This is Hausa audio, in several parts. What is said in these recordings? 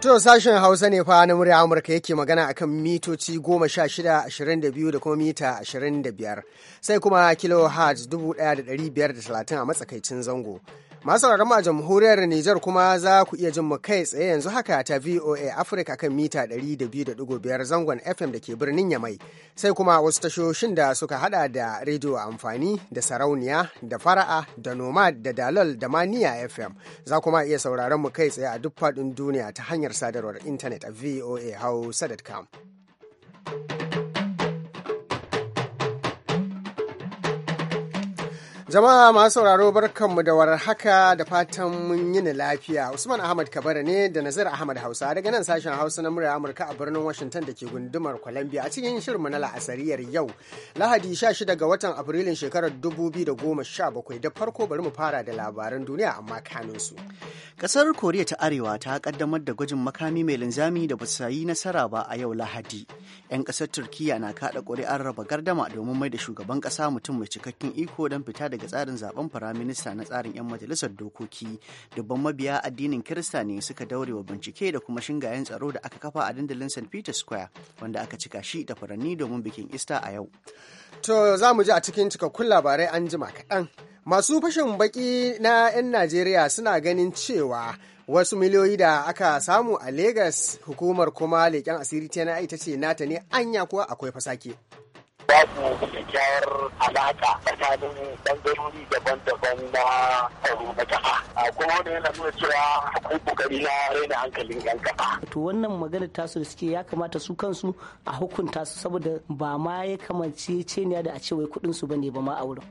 To sashen Hausa ne fa na murya Amurka yake magana a kan mitoci goma sha shida ashirin da biyu da kuma mita ashirin da biyar sai kuma kilo dubu ɗaya da a matsakaicin zango. Masu rarama a jamhuriyar Nijar kuma za ku iya jin mu kai tsaye yanzu haka ta VOA Africa kan mita 200.5 zangon FM da ke birnin Yamai. Sai kuma wasu tashoshin da suka hada da rediyo amfani da sarauniya da fara'a da nomad da dalal da maniya FM. Za kuma iya sauraron mu kai tsaye a duk faɗin duniya ta hanyar sadarwar intanet a voahausa.com. Jama'a masu sauraro barkanmu da war haka da fatan mun yi ni lafiya. Usman Ahmad Kabara ne da Nazir Ahmad Hausa daga nan sashen Hausa na murya Amurka a birnin Washington da ke gundumar Columbia a cikin shirin mu na la'asariyar yau. Lahadi 16 ga watan Afrilun shekarar 2017 da farko bari mu fara da labaran duniya amma kanin su. Kasar Koriya ta Arewa ta kaddamar da gwajin makami mai linzami da basu yi nasara ba a yau Lahadi. 'Yan kasar turkiyya na kada ƙuri'ar raba gardama domin mai da shugaban ƙasa mutum mai cikakken iko don fita da daga tsarin zaben firaminista na tsarin 'yan majalisar dokoki dubban mabiya addinin kirista ne suka daure wa bincike da kuma shingayen tsaro da aka kafa a dandalin st peter square wanda aka cika shi da furanni domin bikin ista a yau to za mu ji a cikin cikakkun labarai an jima kaɗan masu fashin baki na 'yan najeriya suna ganin cewa wasu miliyoyi da aka samu a Legas hukumar kuma leƙen asiri ta ita ce nata ne anya kuwa akwai fasake. babu kyakkyawar alaƙa tsakanin ɓangarori daban-daban na tsaro na ƙasa. Kuma wani yana nuna cewa akwai ƙoƙari na raina hankalin 'yan ƙasa. To wannan magana tasu da suke ya kamata su kansu a hukunta su saboda ba ma ya ce ceniya da a ce wai kuɗin su ne ba ma a wurin.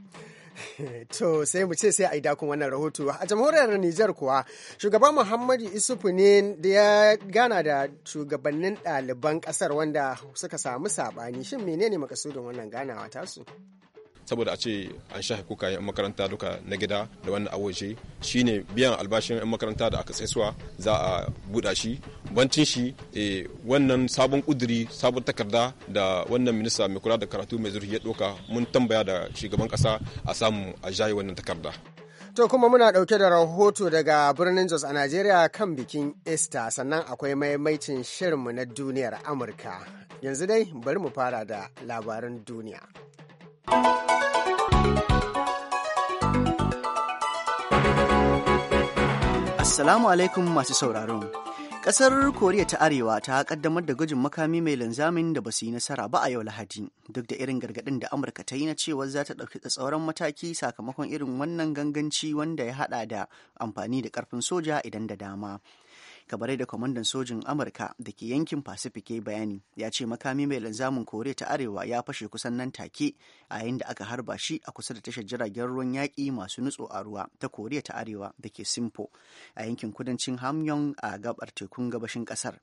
to sai mu ce sai a yi dakon wannan rahoto a jamhuriyar Nijar kuwa shugaba Muhammadu Isufu ne da ya gana da shugabannin ɗaliban ƙasar wanda suka samu saɓani shin menene makasudin wannan ganawa tasu? saboda a ce an shahe kuka yan makaranta duka na gida da wannan shi shine biyan albashin yan makaranta da aka tsaisuwa za a buɗa shi bancin shi eh, wannan sabon kuduri sabon takarda da wannan minista mai kula da karatu mai zurfi ya ɗauka mun tambaya da shugaban kasa a samu a jaye wannan takarda To kuma muna ɗauke da rahoto daga birnin Jos a Najeriya kan bikin Easter sannan akwai maimaitin shirinmu na duniyar Amurka. Yanzu dai bari mu fara da labaran duniya. Assalamu alaikum masu sauraron. Ƙasar Koriya ta Arewa ta kaddamar da gwajin makami mai linzamin da ba su yi nasara ba a yau Lahadi, duk da irin gargadin da Amurka ta yi na cewa za ta ɗauki tsatsauran mataki sakamakon irin wannan ganganci wanda ya haɗa da amfani da ƙarfin soja idan da dama. kamar da kwamandan sojin amurka da ke yankin pacific ya bayani ya ce makami mai linzamin koriya ta arewa ya fashe kusan nan take a yayin da aka harba shi a kusa da tashar jiragen ruwan yaƙi masu nutso a ruwa ta koriya ta arewa da ke simpo a yankin kudancin hamyong a gabar tekun gabashin ƙasar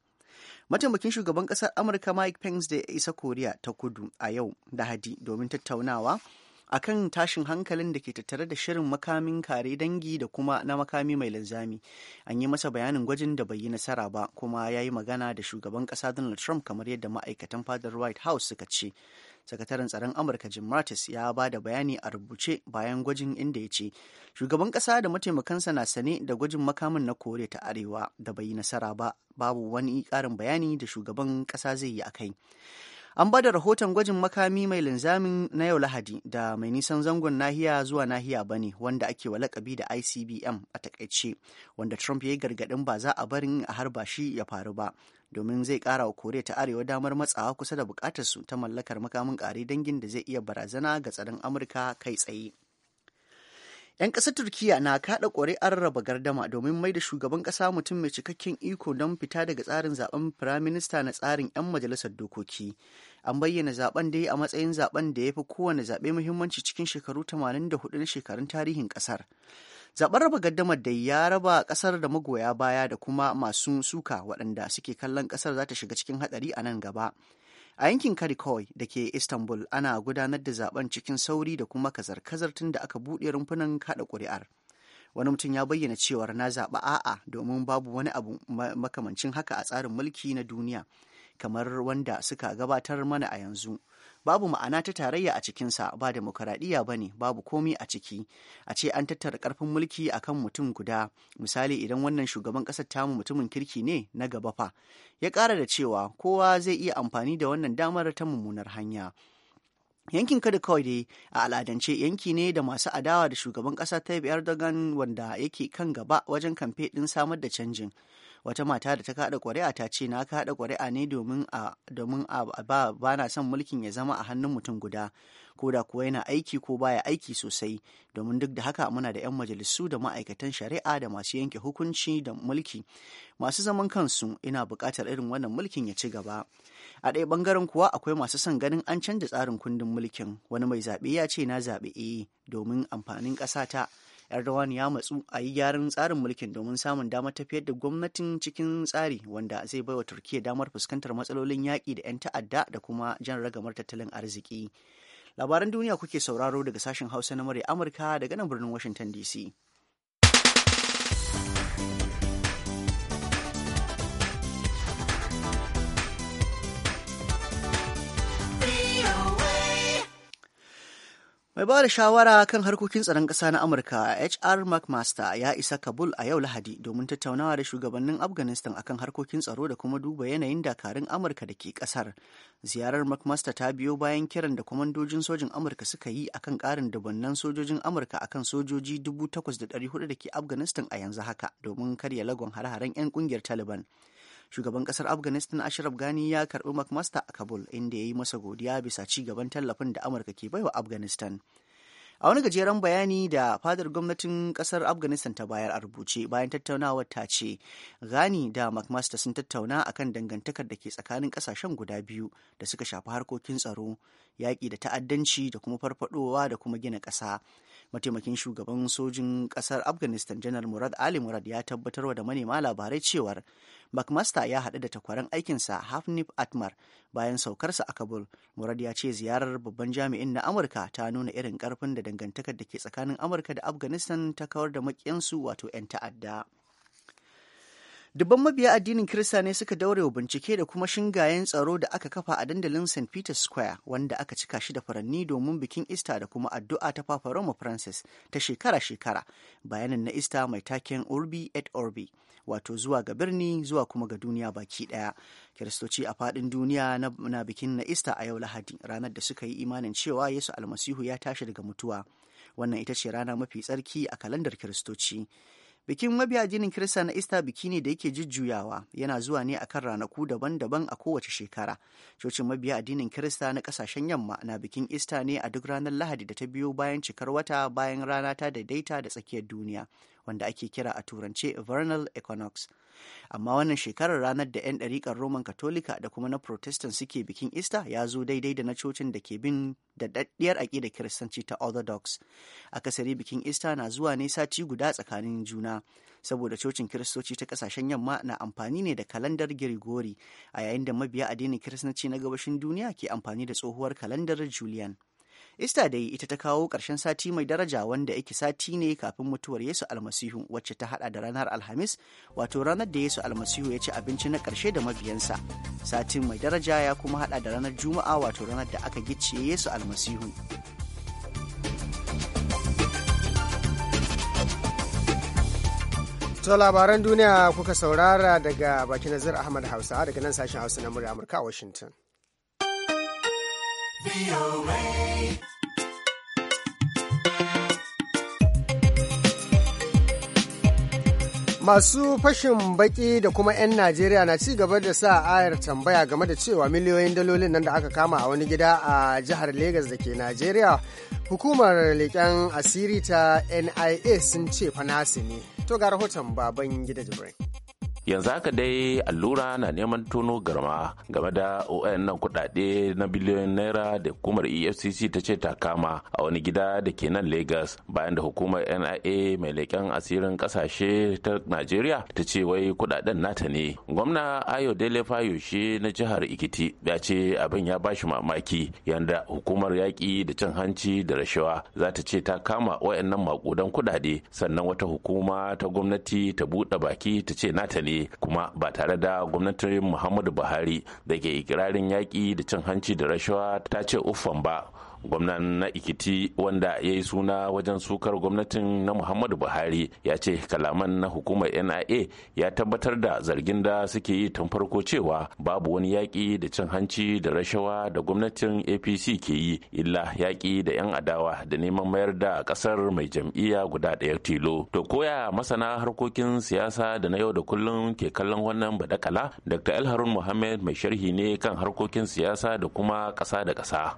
mataimakin shugaban ƙasar amurka mike pence da ya isa koriya ta kudu a yau lahadi domin tattaunawa a kan tashin hankalin da ke tattare da shirin makamin kare dangi da kuma na makami mai linzami an yi masa bayanin gwajin da bai yi nasara ba kuma ya yi magana da shugaban kasa donald trump kamar yadda ma'aikatan fadar white house suka ce sakataren tsaron amurka jim mattis ya ba da bayani a rubuce bayan gwajin inda ya ce shugaban kasa da mataimakansa na sane da gwajin makamin na kore ta arewa da bai yi nasara ba babu wani karin bayani da shugaban kasa zai yi a kai An ba da rahoton gwajin makami mai linzamin na yau Lahadi da mai nisan zangon nahiya zuwa nahiya bane wanda ake wa lakabi da ICBM a takaice, wanda Trump ya yi gargaɗin ba za a barin a harba shi ya faru ba. domin zai kara wa koriya ta arewa damar matsawa kusa da su ta mallakar makamin kare dangin da zai iya barazana ga tsaron amurka kai tsaye 'Yan ƙasar Turkiyya na kaɗa ƙuri'ar raba gardama domin mai da shugaban ƙasa mutum mai cikakken iko don fita daga tsarin zaben firaminista na tsarin 'yan majalisar dokoki. An bayyana zaben dai a matsayin zaben da ya fi kowane zaɓe muhimmanci cikin shekaru 84 na shekarun tarihin ƙasar. zaɓen raba gardamar da ya raba ƙasar da magoya baya da kuma masu suka waɗanda suke kallon ƙasar za ta shiga cikin haɗari a nan gaba a yankin karikoy da ke istanbul ana gudanar da zaben cikin sauri da kuma kazar-kazar tun da aka buɗe rumfunan kaɗa ƙuri'ar wani mutum ya bayyana cewar na zaɓa a'a domin babu wani abu makamancin haka a tsarin mulki na duniya kamar wanda suka gabatar mana a yanzu babu ma'ana ta tarayya a cikinsa ba demokaradiyya ba ne babu komi a ciki a ce an tattara karfin mulki a kan mutum guda misali idan wannan shugaban ƙasar tamu mutumin kirki ne na gaba fa ya ƙara da cewa kowa zai iya amfani da wannan damar ta mummunar hanya yankin kada kawai dai a al'adance yanki ne da masu adawa da shugaban kasa ta erdogan wanda yake kan gaba wajen kamfe din samar da canjin wata mata da ta kada ƙwari'a ta ce na kada ƙwari'a ne domin a domin a ba ba na son mulkin ya zama a hannun mutum guda ko da kuwa yana aiki ko baya aiki sosai domin duk da haka muna da 'yan majalisu da ma'aikatan shari'a da masu yanke hukunci da mulki masu zaman kansu ina buƙatar irin wannan mulkin ya ci gaba a ɗaya ɓangaren kuwa akwai masu son ganin an canza tsarin kundin mulkin wani mai zaɓe ya ce na zaɓe eh domin amfanin ƙasata Erdogan ya matsu a yi gyaran tsarin mulkin domin samun damar tafiyar da gwamnatin cikin tsari wanda zai baiwa Turkiyya damar fuskantar matsalolin yaƙi da 'yan ta'adda da kuma jan ragamar tattalin arziki. Labaran duniya kuke sauraro daga sashen Hausa na murya Amurka daga nan birnin Washington DC. mai ba da shawara kan harkokin tsaron ƙasa na amurka hr mcmaster ya isa kabul a yau lahadi domin tattaunawa da shugabannin afghanistan akan harkokin tsaro da kuma duba yanayin dakarun amurka da ke ƙasar ziyarar mcmaster ta biyo bayan kiran da kwamandojin sojin amurka suka yi akan ƙarin dubannan sojojin amurka akan sojoji 8,400 da ke afghanistan a yanzu haka domin karya lagon hare-haren 'yan ƙungiyar taliban shugaban kasar afghanistan ashraf gani ya karbi mcmaster a kabul inda ya yi masa godiya bisa ci gaban tallafin da amurka ke baiwa afghanistan a wani gajeren bayani da fadar gwamnatin kasar afghanistan ta bayar a rubuce bayan tattaunawa ta ce gani da mcmaster sun tattauna akan dangantakar da ke tsakanin kasashen guda biyu da suka shafi harkokin tsaro yaƙi da ta'addanci da kuma farfadowa da kuma gina ƙasa mataimakin shugaban sojin ƙasar afghanistan janar murad ali murad ya tabbatarwa da manema labarai cewar mcmaster ya haɗu da takwaran aikinsa hafnif atmar bayan saukarsa a kabul murad ya ce ziyarar babban jami'in na amurka ta nuna irin karfin da dangantakar da ke tsakanin amurka da afghanistan ta kawar da maƙiyansu wato 'yan ta'adda Dubban mabiya addinin Kirista ne suka daure wa bincike da kuma shingayen tsaro da aka kafa a dandalin St. Peter's Square wanda aka cika shi da furanni domin bikin ista da kuma addu'a ta Papa Roma Francis ta shekara-shekara. Bayanin na ista mai taken Urbi et Orbi, wato zuwa ga birni zuwa kuma ga duniya baki daya Kiristoci a fadin duniya na bikin na ista a yau Lahadi, ranar da suka yi imanin cewa Yesu Almasihu ya tashi daga mutuwa. Wannan ita ce rana mafi tsarki a kalandar Kiristoci. Bikin mabiya jinin Kirista na Easter biki ne da yake jujjuyawa yana zuwa ne akan ranaku daban-daban a kowace shekara. Cocin mabiya addinin Kirista na kasashen yamma na bikin Easter ne a duk ranar Lahadi da ta biyo bayan cikar wata bayan rana ta daidaita da tsakiyar duniya. wanda ake kira a turance vernal equinox amma wannan shekarar ranar da 'yan ɗariƙar roman katolika da kuma na protestant suke bikin easter ya zo daidai da na cocin da ke bin daɗaɗɗiyar aƙidar kiristanci ta orthodox akasari bikin easter na zuwa ne sati guda tsakanin juna saboda cocin kiristoci ta ƙasashen yamma na amfani ne da kalandar Grigori a yayin da mabiya addinin kiristanci na gabashin duniya ke amfani da tsohuwar kalandar Julian. Ista dai ita ta kawo ƙarshen sati mai daraja wanda yake sati ne kafin mutuwar Yesu Almasihu wacce ta hada da ranar Alhamis wato ranar da Yesu Almasihu ya ci abinci na karshe da mabiyansa. Satin mai daraja ya kuma hada da ranar Juma'a wato ranar da aka gicciye Yesu Almasihu. To labaran duniya kuka saurara daga bakin Nazir Ahmad Hausa daga nan sashen Hausa na murya Amurka a Washington. Masu fashin baki da kuma 'yan Najeriya na ci gaba da sa ayar tambaya game da cewa miliyoyin dalolin nan da aka kama a wani gida a jihar Legas da ke Najeriya, hukumar leƙen asiri ta NIA sun ce fa nasu ne. To ga rahoton baban gida Jibrin. yanzu haka dai allura na neman tono garma game da nan kudade na biliyon naira da hukumar efcc ta ce ta kama a wani gida da ke nan lagos bayan da hukumar nia mai leƙen asirin ƙasashe ta najeriya ta ce wai kudaden nata ne gwamna ayo dele na jihar ikiti ya ce abin ya ba shi mamaki yanda hukumar yaƙi da cin hanci da rashawa za ta ce ta kama wayannan maƙudan kudade sannan wata hukuma ta gwamnati ta buɗe baki ta ce nata ne kuma ba tare da gwamnatin muhammadu buhari da ke ikirarin yaƙi da cin hanci da rashawa ta ce uffan ba gwamnan na ikiti wanda ya yi suna wajen sukar gwamnatin na muhammadu buhari ya ce kalaman na hukumar nia ya tabbatar da zargin da suke yi tun farko cewa babu wani yaƙi da cin hanci da rashawa da gwamnatin apc ke yi illa yaƙi da 'yan adawa da neman mayar da ƙasar mai jam'iyya guda ɗaya tilo to koya masana harkokin siyasa da na yau da kullum ke kallon wannan badakala dr alharun muhammad mai sharhi ne kan harkokin siyasa da kuma ƙasa da ƙasa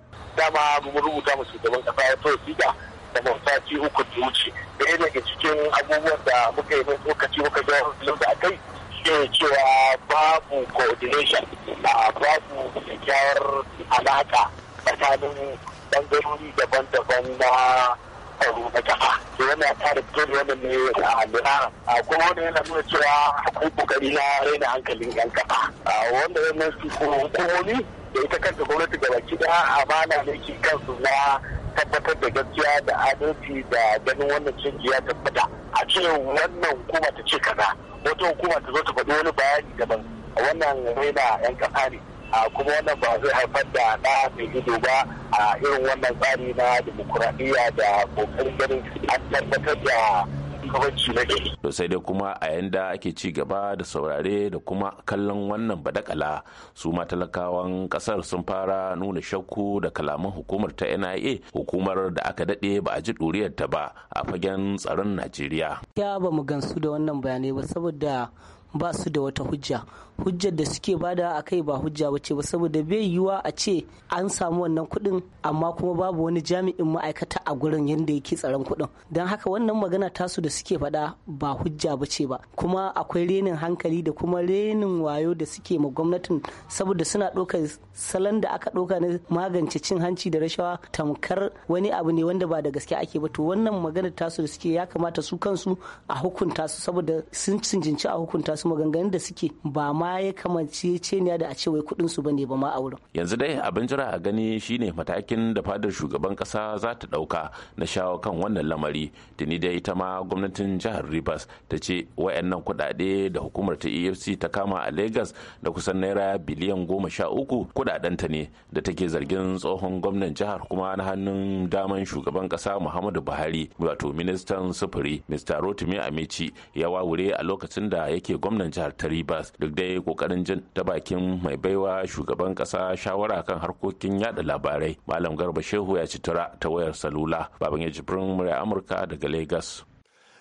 mun rubuta mu shugaban kasa ya fi wasiƙa da sati uku da wuce ɗaya daga cikin abubuwan da muka yi mai lokaci muka ga da a kai shi cewa babu coordination a babu kyakkyawar alaƙa tsakanin ɓangarori daban-daban na tsaro na jama'a to yana kare fitar wannan ne a hannuna a kuma wani yana nuna cewa akwai kokari na raina hankalin yan kafa wanda yana su hukumomi da ita kanta gwamnati da baki daya amana ne ke kansu na tabbatar da gaskiya da adalci da ganin wannan canji ya tabbata a ce wannan hukuma ta ce kaza wata hukuma ta zo ta faɗi wani bayani daban wannan raina yan kafa ne a kuma wannan ba zai haifar da na mai ido ba a irin wannan tsari na demokuraɗiyya da kokarin ganin an tabbatar da na gari. To sai dai kuma a yanda ake ci gaba da saurare da kuma kallon wannan badakala su ma talakawan kasar sun fara nuna shakku da kalaman hukumar ta NIA hukumar da aka dade ba a ji ɗuriyar ta ba a fagen tsaron Najeriya. Ya ba mu gansu da wannan bayanai ba saboda ba su da wata hujja hujjar da suke bada a kai ba hujja ba ce ba saboda bai yiwuwa a ce an samu wannan kuɗin amma kuma babu wani jami'in ma'aikata a gurin yadda yake tsaron kuɗin don haka wannan magana tasu da suke faɗa ba hujja ba ce ba kuma akwai renin hankali da kuma renin wayo da suke ma gwamnatin saboda suna ɗaukar salon da aka ɗauka na magance cin hanci da rashawa tamkar wani abu ne wanda ba da gaske ake ba to wannan magana tasu da suke ya kamata su kansu a hukunta su saboda sun cincinci a hukunta wasu maganganun da suke ba ma ya kamance ceniya da a ce wai kuɗin su bane ba ma a wurin yanzu dai abin jira a gani shine matakin da fadar shugaban kasa za ta ɗauka na shawo kan wannan lamari tuni dai ita ma gwamnatin jihar Rivers ta ce wayannan kuɗaɗe da hukumar ta EFC ta kama a Lagos da kusan naira biliyan goma sha uku kuɗaɗenta ne da take zargin tsohon gwamnan jihar kuma na hannun daman shugaban kasa Muhammadu Buhari wato ministan sufuri Mr. Rotimi Amici ya wawure a lokacin da yake gwamnan jihar ta ribas duk dai kokarin jin ta bakin mai baiwa shugaban kasa shawara kan harkokin yada labarai malam garba shehu ya ci tura ta wayar salula baban ya jibrin murya amurka daga lagos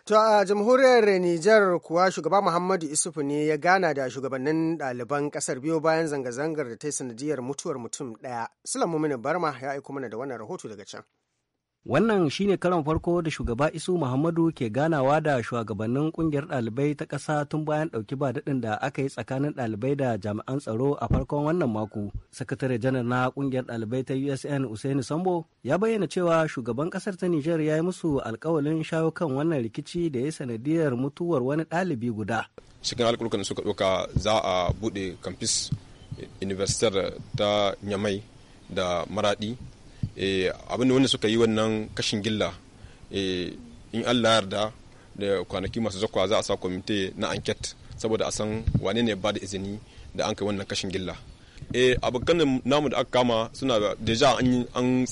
To a jamhuriyar Nijar kuwa shugaba Muhammadu Isufu ne ya gana da shugabannin ɗaliban ƙasar biyu bayan zanga-zangar da ta yi sanadiyar mutuwar mutum ɗaya. Sulamu Mini Barma ya aiko mana da wannan rahoto daga can. Wannan shine karon farko da shugaba Isu Muhammadu ke ganawa da shugabannin kungiyar ɗalibai ta ƙasa tun bayan ɗauki ba daɗin da aka yi tsakanin ɗalibai da jami'an tsaro a farkon wannan mako. Sakatare janar na kungiyar ɗalibai ta USN Usaini Sambo ya bayyana cewa shugaban ƙasar ta Nijar ya yi musu alkawalin shawo kan wannan rikici da ya sanadiyar mutuwar wani ɗalibi guda. Cikin alƙulkan suka ɗauka za a buɗe kamfis universitar ta Nyamai da Maraɗi Eh, abin wani suka yi wannan kashin gilla eh, in allah yarda da kwanaki masu zakwa za a sa kwamite na anket saboda a san wane ne ba da izini da an kai wannan kashin gilla eh, abokan namu da aka kama suna da deja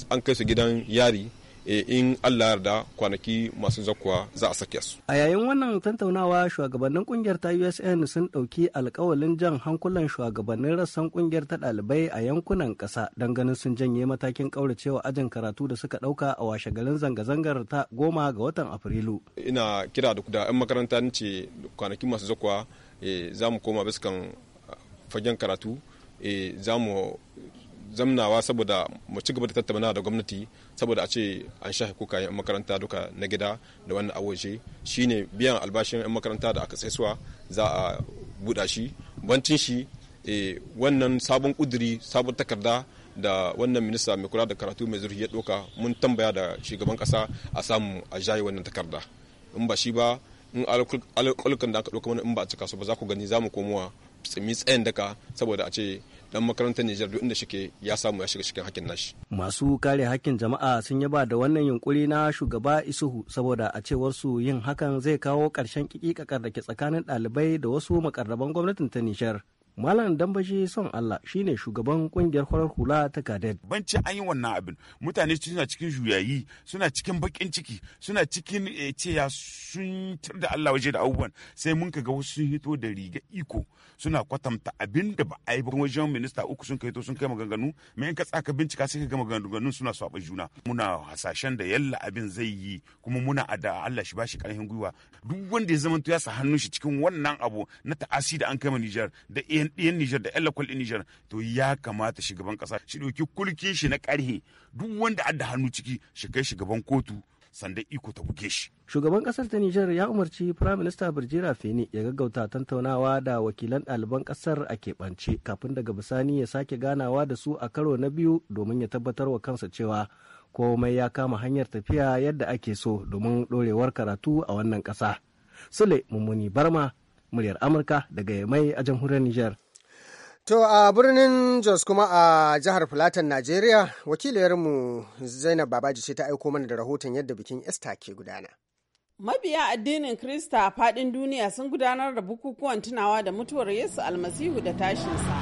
an kai su gidan yari Eh, in Allah yarda kwanaki masu zakuwa za a sake su. A yayin wannan tantaunawa shugabannin kungiyar ta USN sun ɗauki alkawalin jan hankulan shugabannin rassan kungiyar ta ɗalibai a yankunan ƙasa don ganin sun janye matakin kauracewa ajin karatu da suka ɗauka a washe garin zanga-zangar ta goma ga watan Afrilu. Ina kira da kuda 'yan makaranta ce kwanaki masu zakuwa eh, za mu koma biskan eh, fagen karatu za mu zamnawa saboda mu ci gaba da tattauna da gwamnati saboda a ce an shafe yan makaranta duka na gida da wannan awoje shine biyan albashin 'yan makaranta da aka saisuwa za a buɗa shi bancin shi wannan sabon kuduri sabon takarda da wannan minista mai kula da karatu mai zurfi ya ɗauka mun tambaya da shugaban ƙasa a samu a jaye wannan takarda in ba shi ba in alƙalukan da aka ɗauka mana in ba a cika su ba za ku gani za mu komowa tsimi tsayin daka saboda a ce dan makarantar Nijar duk inda shike ya samu ya shiga cikin hakkin nashi. Masu kare hakkin jama'a sun yaba da wannan yunkuri na shugaba Isuhu saboda a cewar su yin hakan zai kawo ƙarshen kikikakar da ke tsakanin ɗalibai da wasu makarraban gwamnatin ta Nijar. Malam Dambashi son Allah shine shugaban kungiyar farar hula ta Kadet. Banci an yi wannan abin mutane suna cikin juyayi suna cikin bakin ciki suna cikin eh, ceya sun tar da Allah waje da abubuwan sai mun ga wasu sun hito da riga iko suna kwatanta abin da ba a yi ba wajen minista uku sun kai to sun kai maganganu mai in ka tsaka bincika sai ka ga maganganun suna saba juna muna hasashen da yalla abin zai yi kuma muna da Allah shi bashi karfin gwiwa duk wanda ya zama ya sa hannun shi cikin wannan abu na ta'asi da an kai Nijar da ɗiyan Nijar da ƴan ɗin Nijar to ya kamata shugaban ƙasa shi ɗauki kulkin shi na ƙarhe duk wanda adda hannu ciki shi kai shugaban kotu sanda iko ta buge shi. Shugaban ƙasar ta Nijar ya umarci Prime Minister Birjira Fini ya gaggauta tantaunawa da wakilan ɗaliban ƙasar a keɓance kafin daga bisani ya sake ganawa da su a karo na biyu domin ya tabbatar wa kansa cewa komai ya kama hanyar tafiya yadda ake so domin ɗorewar karatu a wannan ƙasa. Sule Mummuni Barma muryar amurka daga mai a jamhuriyar niger To a birnin Jos kuma a jihar Filatan Najeriya wakiliyarmu Zainab Babaji ce ta aiko mana da rahoton yadda bikin esta ke gudana. Mabiya addinin Krista a fadin duniya sun gudanar da bukukuwan tunawa da mutuwar Yesu almasihu da tashinsa.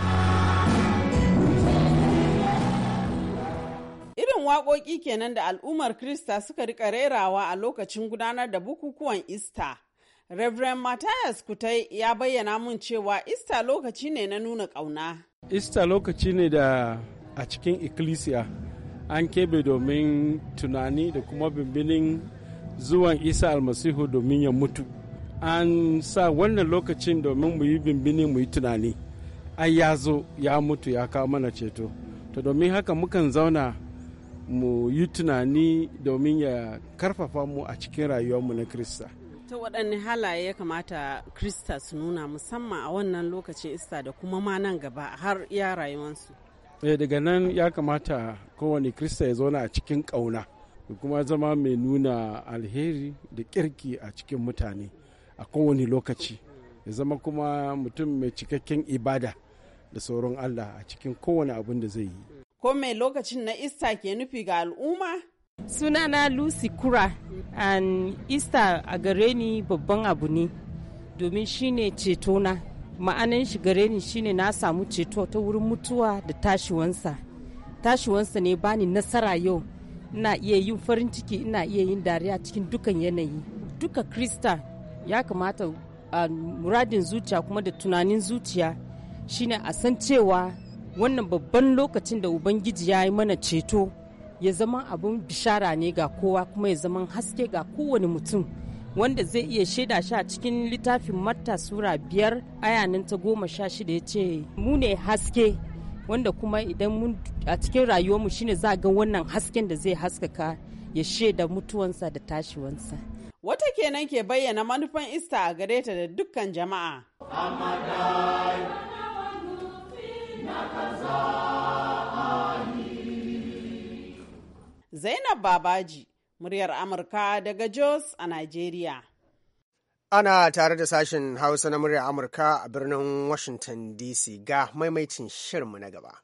Irin waƙoƙi kenan da al'ummar Krista suka rika rerawa a lokacin gudanar da bukukuwan ista. Reverend Matthias Kutai ya bayyana mun cewa Ista lokaci ne na nuna ƙauna. Ista lokaci ne da a cikin ikkilisiya an kebe domin tunani da kuma bimbinin zuwan Isa almasihu domin ya mutu. An sa wannan lokacin domin mu yi bimbini mu yi tunani. Ai ya zo ya mutu ya kawo mana ceto. To domin haka mukan zauna mu yi tunani domin ya karfafa mu a cikin rayuwarmu na Kirista. ta waɗanne halaye ya kamata krista su nuna musamman a wannan lokacin ista da kuma ma nan gaba har ya rayuwansu eh, daga nan ya kamata kowane krista ya zauna a cikin ƙauna da kuma zama mai nuna alheri da kirki a cikin mutane a kowane lokaci ya zama kuma mutum mai cikakken ibada da sauran allah a cikin kowane abin da zai yi ko mai lokacin na ista ke nufi ga al'umma sunana lucy kura and easter a gare ni babban abu ne domin shine ceto na ma'anin shi gare ni shine na samu ceto ta wurin mutuwa da tashiwansa tashiwansa ne bani nasara yau ina iya yin farin ciki ina iya yin dariya cikin dukan yanayi duka krista ya kamata a muradin zuciya kuma da tunanin zuciya shine a san cewa wannan babban lokacin da ubangiji ya yi mana ceto ya zama abun bishara ne ga kowa kuma ya zama haske ga kowane mutum wanda zai iya shaida shi a cikin littafin matta sura biyar ayanin ta goma sha shida ya ce mu ne haske wanda kuma idan mun a cikin rayuwarmu shine za ga wannan hasken da zai haskaka ya shaida mutuwansa da tashiwansa wata kenan ke bayyana manufan ista a gare ta da dukkan jama'a Amadai, Zainab Babaji, muryar Amurka daga Jos a Najeriya. Ana tare da sashen Hausa na muryar Amurka a birnin Washington DC ga maimaitin shirinmu na gaba.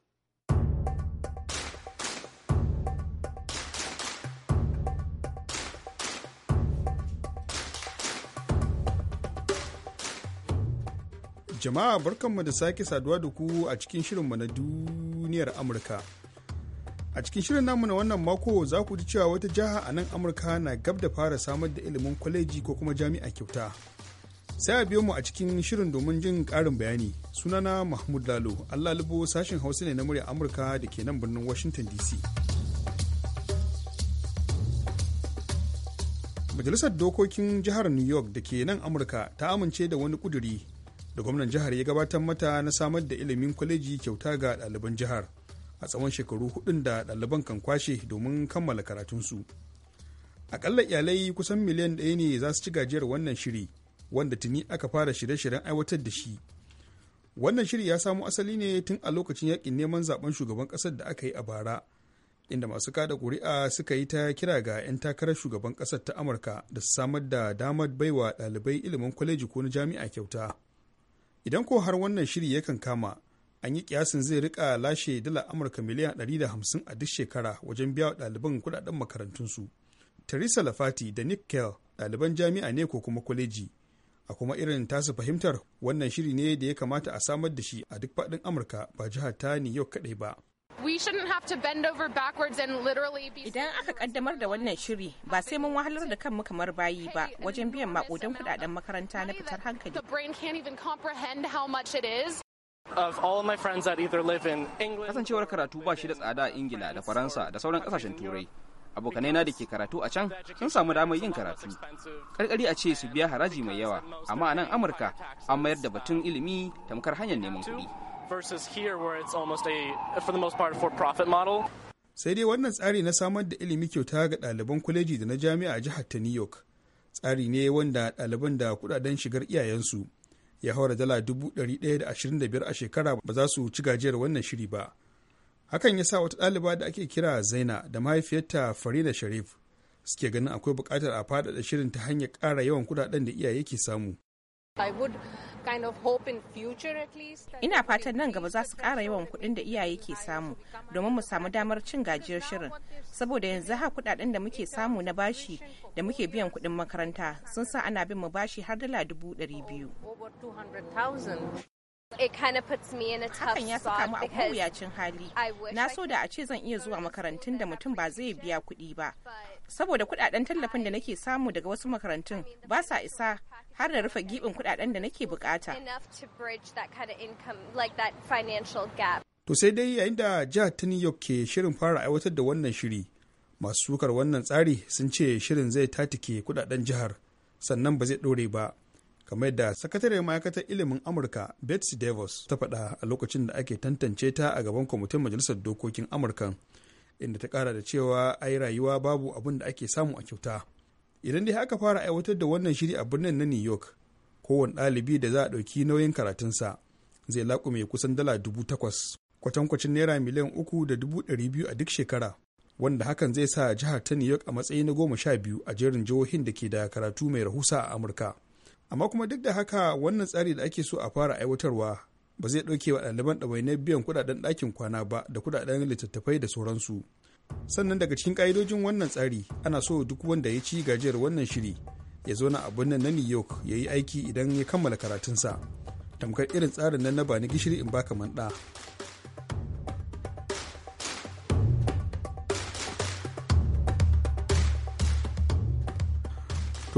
Jama'a barkanmu da sake saduwa da ku a cikin shirinmu na duniyar Amurka. A cikin shirin namu na wannan mako za ku ji cewa wata jiha a nan Amurka na gab da fara samar da ilimin kwaleji ko kuma jami'a kyauta. Sai a biyo mu a cikin shirin domin jin karin bayani. Sunana Mahmud Lalo, Allah Libo sashen Hausa ne na murya Amurka da ke nan birnin Washington DC. Majalisar Dokokin Jihar New York da ke nan Amurka ta amince da wani kuduri da gwamnan jihar ya gabatar mata na samar da ilimin kwaleji kyauta ga ɗaliban jihar. a tsawon shekaru hudun da ɗaliban kan kwashe domin kammala karatunsu akalla iyalai kusan miliyan ɗaya ne za su ci gajiyar wannan shiri wanda tuni aka fara shirye-shiryen aiwatar da shi wannan shiri ya samo asali ne tun a lokacin yakin neman zaben shugaban ƙasar da aka yi a bara inda masu kada ƙuri'a suka yi ta kira ga 'yan takarar shugaban ƙasar ta amurka da su samar da damar baiwa ɗalibai ilimin kwaleji ko na jami'a kyauta idan ko har wannan shiri yakan kama an yi kiyasin zai rika lashe dala amurka miliyan 150 a duk shekara wajen biya wa ɗaliban kudaden makarantunsu teresa lafati da nick kell ɗaliban jami'a ne ko kuma kwaleji a kuma irin tasu fahimtar wannan shiri ne da ya kamata a samar da shi a duk faɗin amurka ba jihar ta new york kaɗai ba Idan aka kaddamar da wannan shiri ba sai mun wahalar da kanmu kamar bayi ba wajen biyan makudan kudaden makaranta na fitar hankali. comprehend how Kasancewar karatu ba shi da tsada a Ingila da Faransa da sauran kasashen Turai. abokanai na da ke karatu a can sun samu damar yin karatu karkari a ce su biya haraji mai yawa amma a nan amurka an mayar da batun ilimi tamkar hanyar neman kuɗi sai dai wannan tsari na samar da ilimi kyauta ga ɗaliban kwaleji da na jami'a a jihar ta new york tsari ne wanda ɗaliban da kuɗaɗen shigar iyayensu ya haura dala 125 a shekara ba za su ci gajiyar wannan shiri ba hakan ya sa wata ɗaliba da ake kira zaina da mahaifiyarta farida sharif suke ganin akwai buƙatar a faɗaɗa shirin ta hanyar ƙara yawan kuɗaɗen da iyaye ke samu Ina fatan nan gaba za su ƙara yawan kuɗin da iyaye ke samu domin mu samu damar cin gajiyar shirin. Saboda yanzu ha kuɗaɗen da muke samu na bashi da muke biyan kuɗin makaranta sun sa ana bin mu bashi har dala dubu ɗari biyu. Hakan ya saka mu a kowuyacin hali. Na so da a ce zan iya zuwa makarantun da mutum ba zai biya kuɗi ba. saboda kudaden tallafin da nake samu daga wasu makarantun ba sa isa har da rufe gibin kudaden da nake bukata. To sai dai yayin da jihar ta New York ke shirin fara aiwatar da wannan shiri, masu sukar wannan tsari sun ce shirin zai tatike kudaden jihar sannan ba zai dore ba. kamar yadda sakatare ma'aikatar ilimin amurka betsy davis ta faɗa a lokacin da ake tantance ta a gaban kwamitin majalisar dokokin amurkan inda ta kara da cewa ai rayuwa babu abin da ake samu a kyauta idan dai aka fara aiwatar da wannan shiri a birnin na new york kowane ɗalibi da za a ɗauki nauyin karatunsa zai laƙume kusan dala dubu takwas kwatankwacin naira miliyan uku da dubu ɗari biyu a duk shekara wanda hakan zai sa jihar ta new york a matsayi na goma sha biyu a jerin jihohin da ke da karatu mai rahusa a amurka amma kuma duk da haka wannan tsari da ake so a fara aiwatarwa ba zai ɗauke wa ɗaliban ɗawainiyar biyan kuɗaɗen ɗakin kwana ba da kuɗaɗen littattafai da sauransu sannan daga cikin ƙa'idojin wannan tsari ana so duk wanda ya ci gajiyar wannan shiri ya zo na abin nan na new york ya yi aiki idan ya kammala karatunsa tamkar irin tsarin nan na ni gishiri in baka man ɗa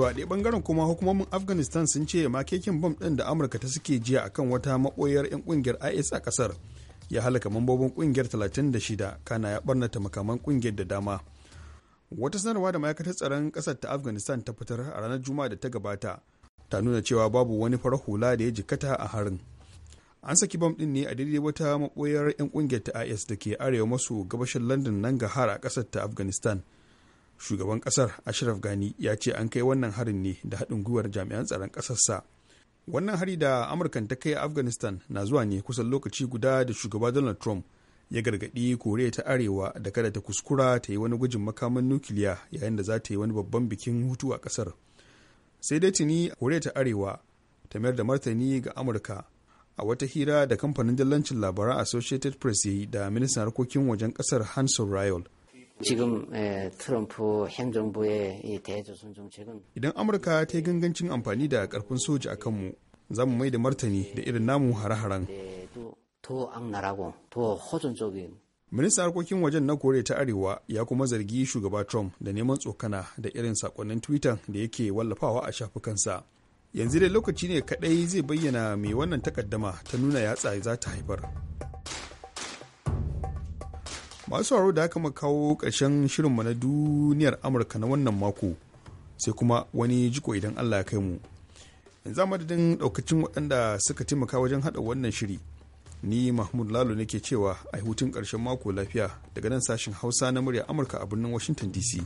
to a ɗaya bangaren kuma hukumomin afghanistan sun ce makekin bom ɗin da amurka ta suke jiya akan wata maɓoyar 'yan ƙungiyar is a ƙasar ya halaka mambobin ƙungiyar 36 kana ya ɓarnata makaman ƙungiyar da dama wata sanarwa da ma'aikatar tsaron ƙasar ta afghanistan ta fitar a ranar juma'a da ta gabata ta nuna cewa babu wani farar hula da ya jikkata a harin an saki bam ɗin ne a daidai wata maɓoyar 'yan ƙungiyar ta is da ke arewa maso gabashin london nan ga har a ƙasar ta afghanistan shugaban kasar ashraf gani ya ce an kai wannan harin ne da haɗin gwiwar jami'an tsaron ƙasarsa wannan hari da amurkan ta kai afghanistan na zuwa ne kusan lokaci guda da shugaba donald trump ya gargaɗi koriya ta arewa da kada ta kuskura ta yi wani gwajin makaman nukiliya yayin da za ta yi wani babban bikin hutu a ƙasar sai dai tuni koriya ta arewa ta mayar da martani ga amurka a wata hira da kamfanin dillancin labaran associated press ya da ministan harkokin wajen kasar hanson ryle 지금 트럼프 행정부의 이 대조선 정책은 이런 Amurka ta yi gangancin amfani da karfin soja a kanmu zamu mai da martani da irin namu hare-haren. Ministan harkokin wajen na Koriya ta Arewa ya kuma zargi shugaba Trump da neman tsokana da irin sakonnin Twitter da yake wallafawa a shafukansa. Yanzu dai lokaci ne kaɗai zai bayyana mai wannan takaddama ta nuna yatsa za ta haifar. masu sauraro da aka kawo ƙarshen shirinmu na duniyar amurka na wannan mako sai kuma wani jiko idan allah ya kai mu yanzu madadin ɗaukacin waɗanda suka taimaka wajen haɗa wannan shiri ni mahmud lalo nake cewa a hutun ƙarshen mako lafiya daga nan sashen hausa na murya amurka a birnin washington dc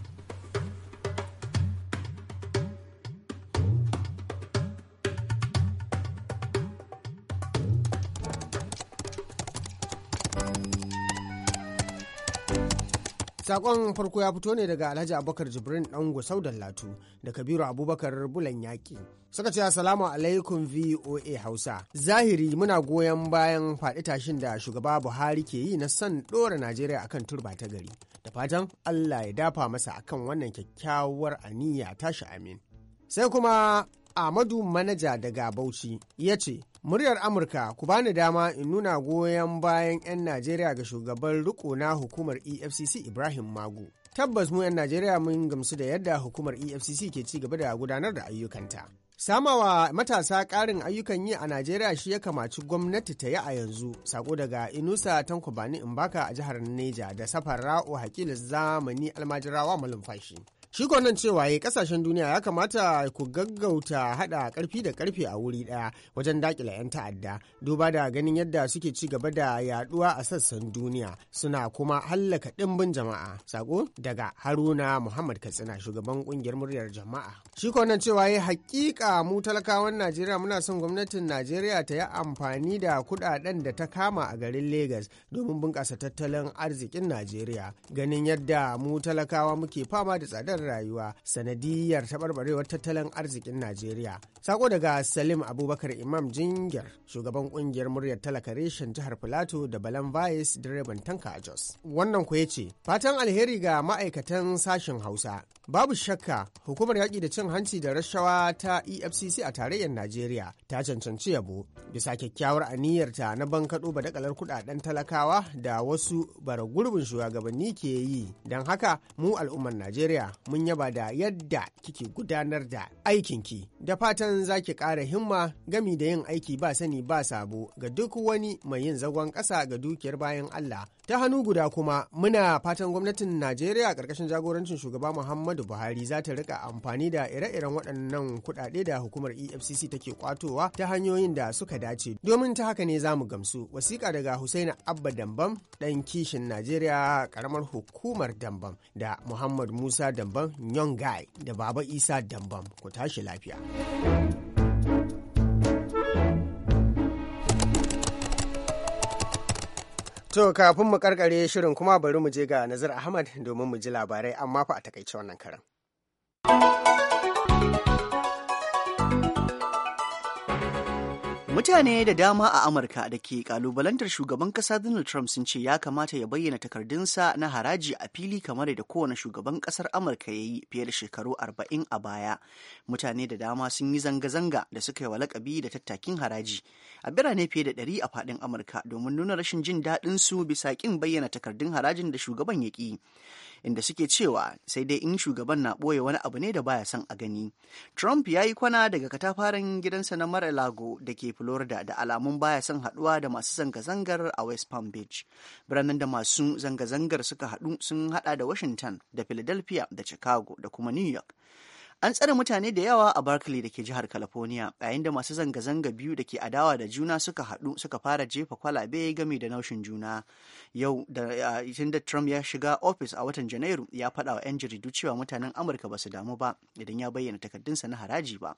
Sakon farko ya fito ne daga Alhaji Abubakar Jibrin ɗan Gusau Dallatu da Kabiru Abubakar Bulan Yaƙi. Suka ce Assalamu alaikum VOA Hausa. Zahiri muna goyon bayan faɗi tashin da shugaba Buhari ke yi na son ɗora Najeriya akan turba ta gari. Da fatan Allah ya dafa masa akan wannan kyakkyawar aniya tashi amin. Sai kuma Ahmadu Manaja daga Bauchi ya ce, Muryar Amurka ku bani dama in nuna goyon bayan 'yan Najeriya ga shugaban riko na hukumar EFCC Ibrahim Magu. Tabbas mu 'yan Najeriya mun gamsu da yadda hukumar EFCC ke ci gaba da gudanar da ayyukanta. Samawa matasa ƙarin ayyukan yi a Najeriya shi ya kamaci gwamnati ta yi a yanzu, sako daga Inusa in baka a jihar Neja da Safara'u Hakilu Zamani Almajirawa Malumfashi. Shi nan cewa ya kasashen duniya ya kamata ku gaggauta hada karfi da karfe a wuri daya wajen dakila 'yan ta'adda duba da ganin yadda suke ci gaba da yaduwa a sassan duniya suna kuma hallaka dimbin jama'a. Sako daga Haruna Muhammad Katsina shugaban kungiyar muryar jama'a. Shi nan cewa ya hakika mu talakawan Najeriya muna son gwamnatin Najeriya ta yi amfani da kudaden da ta kama a garin Legas domin bunƙasa tattalin arzikin Najeriya ganin yadda mu talakawa muke fama da tsadar rayuwa sanadiyar taɓarɓarewar tattalin arzikin Najeriya. Sako daga Salim Abubakar Imam Jingir, shugaban ƙungiyar muryar talaka reshen jihar Filato da Balan Vice direban tanka a Jos. Wannan ku ce, fatan alheri ga ma'aikatan sashen Hausa Babu shakka hukumar yaƙi da cin hanci da rashawa ta EFCC a tarayyar Najeriya ta cancanci yabo bisa kyakkyawar aniyarta na bankaɗo badakalar kuɗaɗen talakawa da wasu bara gurbin shugabanni ke yi. Don haka mu al'ummar Najeriya mun yaba da yadda kike gudanar da aikinki da fatan zaki ki ƙara himma gami da yin aiki ba sani ba sabo ga duk wani mai yin zagon ƙasa ga dukiyar bayan Allah. Ta hannu guda kuma muna fatan gwamnatin Najeriya ƙarƙashin jagorancin shugaba Muhammadu Buhari za ta rika amfani da ire-iren waɗannan kuɗaɗe da hukumar EFCC take kwatowa ta hanyoyin da suka dace. Domin ta haka ne za mu gamsu. Wasiƙa daga Husaina Abba Dambam ɗan kishin Najeriya ƙaramar hukumar Dambam da Muhammad Musa Dambam Nyongai da Baba Isa Dambam ku tashi lafiya. To kafin mu karkare shirin kuma bari mu je ga Nazir Ahmad domin mu ji labarai amma fa a takaice wannan karan. Mutane da dama a Amurka da ke kalubalantar shugaban kasa Donald Trump sun ce ya kamata ya bayyana takardunsa na haraji a fili kamar da kowane shugaban kasar Amurka ya yi fiye da shekaru arba'in a baya. Mutane da dama sun yi zanga-zanga da suka yi wa lakabi da tattakin haraji a birane fiye da ɗari a faɗin Amurka domin nuna rashin jin daɗin su bisa ƙin bayyana takardun harajin da shugaban ya ƙi. inda suke cewa sai dai in shugaban na ɓoye wani abu ne da baya son a gani. Trump ya yi kwana daga katafaren gidansa na mara lago da ke Florida da alamun baya son haɗuwa da masu zanga-zangar a West Palm Beach. Biranen da masu zanga-zangar suka haɗu sun haɗa da Washington da Philadelphia da Chicago da kuma New York. An tsare mutane da yawa a Berkeley da ke jihar California yayin da masu zanga-zanga biyu da ke adawa da juna suka haɗu suka fara jefa kwalabe game da naushin juna. Yau da da Trump ya shiga ofis a watan Janairu ya faɗa wa 'yan jaridu cewa mutanen Amurka ba su damu ba idan ya bayyana takardunsa na haraji ba.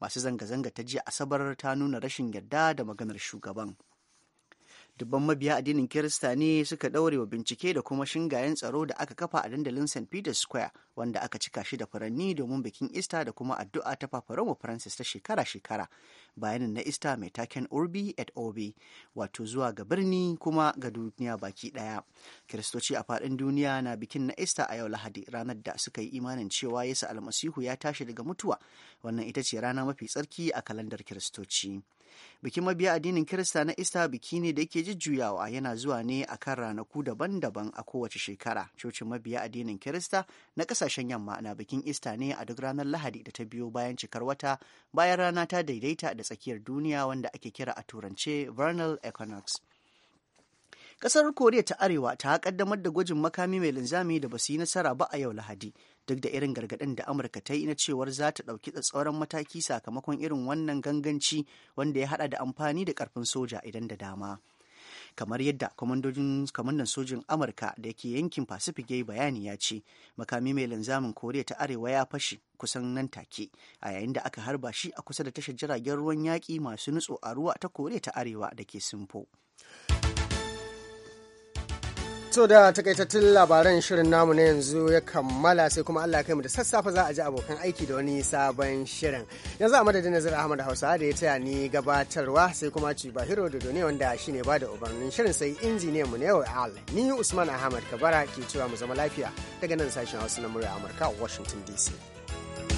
Masu zanga-zanga ta jiya Asabar ta nuna rashin yarda da maganar shugaban. dubban mabiya addinin kirista ne suka daure wa bincike da kuma shingayen tsaro da aka kafa a dandalin st peters square wanda aka cika shi da furanni domin bikin ista da kuma addu'a ta paparoma francis ta shekara-shekara bayanin na ista mai taken urbi et ob wato zuwa ga birni kuma ga duniya baki ɗaya kiristoci a faɗin duniya na bikin na ista a yau lahadi ranar da suka yi imanin cewa yesu almasihu ya tashi daga mutuwa wannan ita ce rana mafi tsarki a kalandar kiristoci bikin mabiya addinin kirista na ista biki ne da yake jujjuyawa yana zuwa ne a kan ranaku daban-daban a kowace shekara cocin mabiya addinin kirista na kasashen yamma na bikin ista ne a duk ranar lahadi da ta biyo bayan cikar wata bayan rana ta daidaita da tsakiyar duniya wanda ake kira a turance vernal equinox kasar Koriya ta Arewa ta kaddamar da gwajin makami mai linzami da basu yi nasara ba a yau Lahadi, duk da irin gargaɗin da Amurka ta yi na cewar za ta ɗauki tsatsauran mataki sakamakon irin wannan ganganci wanda ya haɗa da amfani da karfin soja idan da dama. kamar yadda kwamandan sojin amurka da ke yankin pacific ya yi bayani ya ce makami mai linzamin koriya ta arewa ya fashe kusan nan take a yayin da aka harba shi a kusa da tashar jiragen ruwan yaƙi masu nutso a ruwa ta koriya ta arewa da ke simfo So da takaitattun labaran shirin namu na yanzu ya kammala sai kuma Allah kai mu da sassafe za a ji abokan aiki da wani sabon shirin. Yanzu a madadin nazar Ahmad Hausa da ya taya ni gabatarwa sai kuma ci Bahiro da ne wanda shine ba da umarnin shirin sai injiniyan mu ne Al. Ni Usman Ahmad Kabara ke cewa mu zama lafiya daga nan sashen Hausa na murya Amurka a Washington DC.